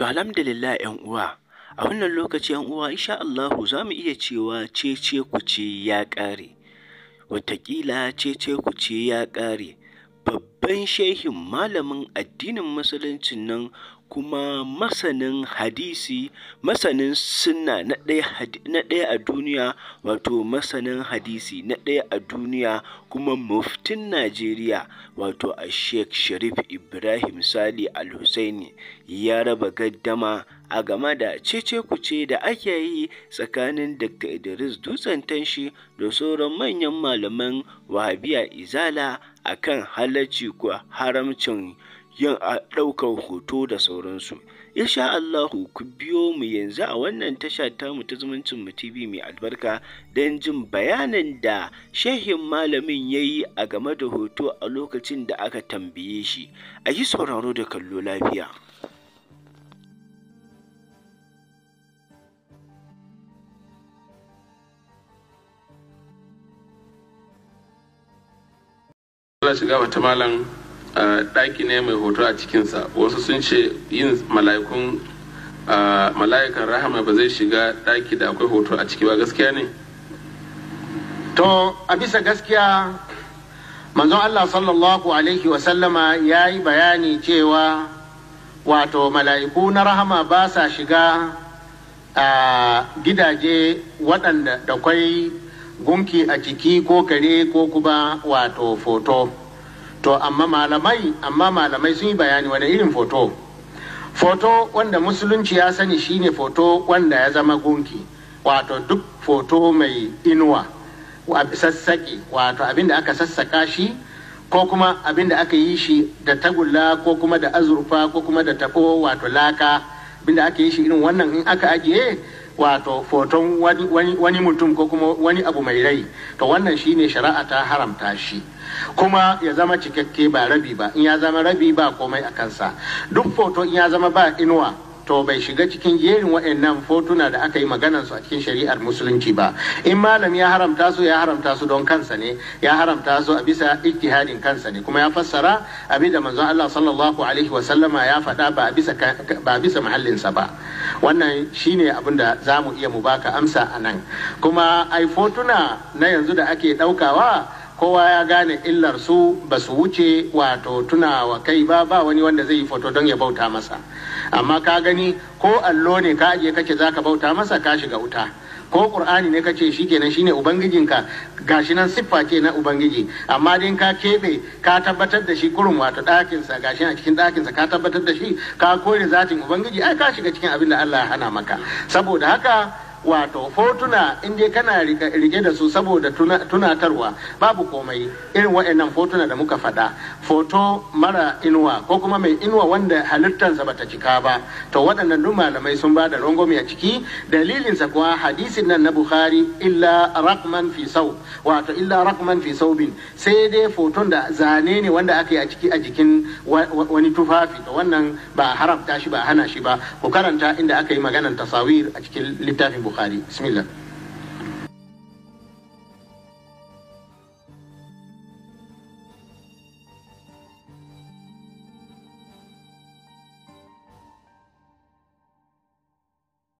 To alhamdulillah ‘yan uwa, a wannan lokaci ‘yan uwa insha Allahu za mu iya cewa cece ce ya ƙare. Wataƙila cece ce ya ƙare. babban shehin malamin addinin musulunci nan kuma masanin hadisi masanin sunna na ɗaya a duniya wato masanin hadisi na ɗaya a duniya kuma muftin najeriya wato a sheikh sharif ibrahim sali al-husaini ya raba gaddama a game da cece-kuce da ake yi tsakanin Dr. Idris Dutsen Tanshi da sauran manyan malaman wahabiya izala a kan halarci ko haramcin yin ɗaukar hoto da sauransu. Insha Allah ku biyo mu yanzu a wannan tasha mu ta zumuncin mu TV mai albarka don jin bayanin da shehin malamin ya yi a game da hoto a lokacin da aka tambaye shi. A yi sauraro da kallo lafiya. suna shiga wata malam ɗaki ne mai hoto a cikinsa wasu sun ce yin mala'ikun mala'ikan rahama ba zai shiga ɗaki da akwai hoto a ciki ba gaskiya ne to a bisa gaskiya manzon allah sallallahu alaihi wasallama ya yi bayani cewa wato mala'iku na rahama ba sa shiga a gidaje waɗanda da kwai Gunki a ciki ko kare ko kuma wato foto to amma malamai amma malamai sun yi bayani wani irin foto foto wanda musulunci ya sani shine foto wanda ya zama gunki wato duk foto mai inuwa sassaƙi wato abinda aka sassaka shi ko kuma abinda aka yi shi da tagulla ko kuma da azurfa ko kuma da tako wato laka abinda aka yi shi irin wannan in aka ajiye wato foton wani mutum ko kuma wani abu mai rai to wannan shi ne shari'a ta haramta shi kuma ya zama cikakke ba rabi ba in ya zama rabi ba komai a kansa duk foto in ya zama ba inuwa to bai shiga cikin jerin waɗannan fotuna da aka yi maganar su a cikin shari'ar musulunci ba in malami ya haramta su ya haramta su don kansa ne ya haramta su a bisa ijtihadin kansa ne kuma ya fassara abin da manzon Allah sallallahu alaihi wa sallama ya faɗa ba a bisa ba bisa sa ba wannan shine abin da za mu iya mu baka amsa anan kuma ai fotuna na yanzu da ake ɗaukawa kowa ya gane illar su ba su wuce wato tunawa kai ba ba wani wanda zai yi foto don ya bauta masa amma ka gani ko allo ne ka ajiye kace za ka bauta masa ka shiga wuta ko qur'ani ne kace shikenan shine ubangijinka gashi nan siffa ce na ubangiji amma din ka kebe ka tabbatar da shi kurum wato ɗakin sa gashi a cikin ɗakin sa ka tabbatar da shi ka kore zatin ubangiji ai ka shiga cikin abin da Allah ya hana maka saboda haka wato fotuna in dai kana rike da su saboda tunatarwa babu komai irin wa'annan fotuna da muka faɗa foto mara inuwa ko kuma mai inuwa wanda halittarsa bata cika ba to waɗannan duk malamai sun ba da rangwame a ciki dalilinsa kuwa hadisin nan na bukhari illa rakman fi sau wato illa rakman fi sau bin sai dai foton da zane ne wanda aka yi a ciki a jikin wani tufafi to wannan ba haramta shi ba hana shi ba ku karanta inda aka yi maganan tasawir a cikin littafin البخاري بسم الله